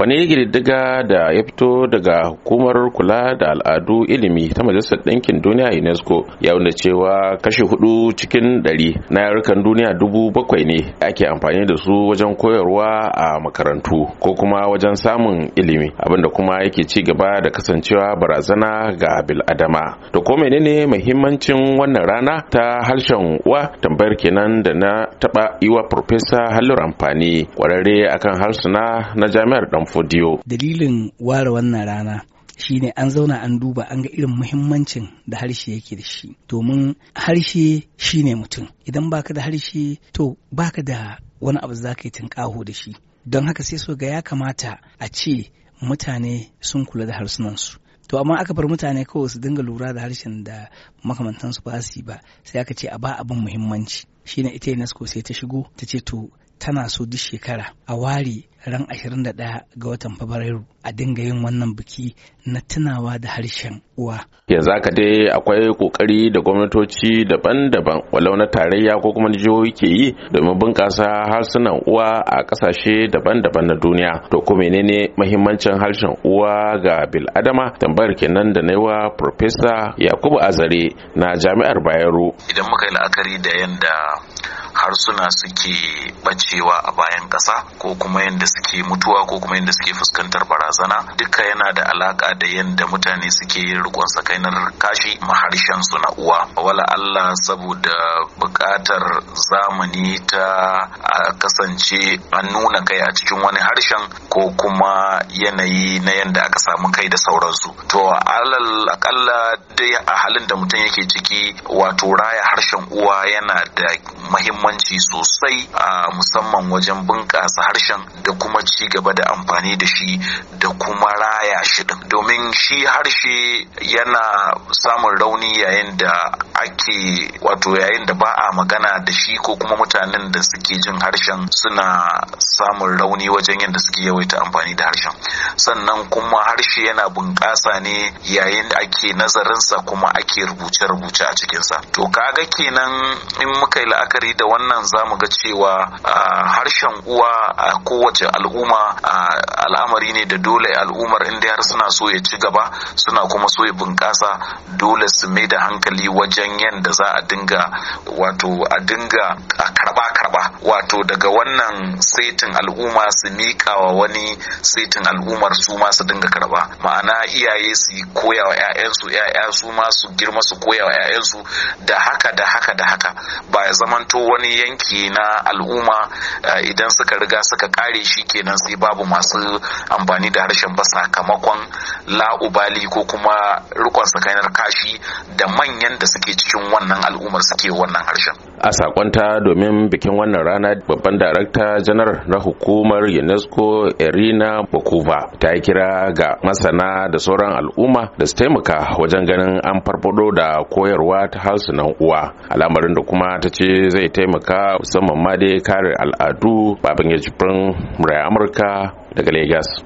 wani girdiga da ya fito daga hukumar kula da al'adu ilimi ta majalisar ɗinkin duniya unesco ya cewa kashi hudu cikin ɗari na yarukan duniya dubu bakwai ne ake amfani da su wajen koyarwa a makarantu ko kuma wajen samun ilimi abinda kuma yake ci gaba da kasancewa barazana ga bil'adama to ko menene muhimmancin wannan rana ta harshen uwa tambayar kenan da na taba yi wa farfesa hallur amfani kwararre akan harsuna na jami'ar dan Danfodiyo. Dalilin ware wannan rana shine an zauna an duba an ga irin muhimmancin da harshe yake da shi domin harshe shine mutum idan baka da harshe to baka da wani abu za ka yi tunƙaho da shi don haka sai so ga ya kamata a ce mutane sun kula da harsunansu to amma aka bar mutane kawai su dinga lura da harshen da makamantansu ba su ba sai aka ce a ba abin muhimmanci shine ita UNESCO sai ta shigo ta ce to tana so duk shekara a ware ran 21 ga watan Fabrairu a dinga yin wannan biki na tunawa da harshen uwa. Yanzu haka dai akwai kokari da gwamnatoci daban-daban walau na tarayya ko kuma jihohi ke yi domin bunƙasa harsunan uwa a ƙasashe daban-daban na duniya. To ko menene mahimmancin harshen uwa ga bil'adama tambayar kenan da na Professor Profesa Yakubu Azare na Jami'ar Bayero. Idan muka yi la'akari da yanda harsuna suke bacewa a bayan ƙasa ko kuma yadda suke mutuwa ko kuma yadda suke fuskantar barazana duka yana da alaƙa da yadda mutane suke yin rikon sakainar kashi maharshen su na uwa wala Allah saboda buƙatar zamani ta kasance an nuna kai a cikin wani harshen ko kuma yanayi na yadda aka samu kai da sauransu to alal dai a halin da mutum yake ciki wato raya harshen uwa yana da muhimmanci muhimmanci sosai a musamman wajen bunƙasa harshen da kuma ci gaba da amfani da shi da kuma raya shi domin shi harshe yana samun rauni yayin da ake wato yayin da ba a magana da shi ko kuma mutanen da suke jin harshen suna samun rauni wajen yadda suke yawaita amfani da harshen sannan kuma harshe yana bunƙasa ne yayin da ake nazarinsa kuma ake rubuce-rubuce a cikinsa to kaga kenan in muka yi la'akari da wannan za mu ga cewa harshen uwa a kowace al'umma al'amari ne da dole al'ummar inda har suna so ya ci gaba suna kuma so ya bunƙasa dole su mai da hankali wajen yanda za a dinga wato a dinga a karba ba wato daga wannan saitin al'umma su miƙa wa wani saitin al'ummar su ma su dinga karba ma'ana iyaye su koya wa 'ya'yansu 'ya'ya su ma su girma su koya wa 'ya'yansu da haka da haka da haka ba ya zamanto wani yanki na al'umma eh, idan suka riga suka kare shi kenan sai babu masu amfani da harshen ba sakamakon la'ubali ko kuma rikon sakainar kashi da manyan da suke cikin wannan al'ummar suke wannan harshen a sakonta domin bikin wannan rana babban darakta janar na hukumar unesco irina bakuba ta kira ga masana da sauran al'umma da su taimaka wajen ganin an farfado da koyarwa ta harsunan uwa al'amarin da kuma ta ce zai taimaka musamman ma dai kare al'adu babin ya amurka daga lagos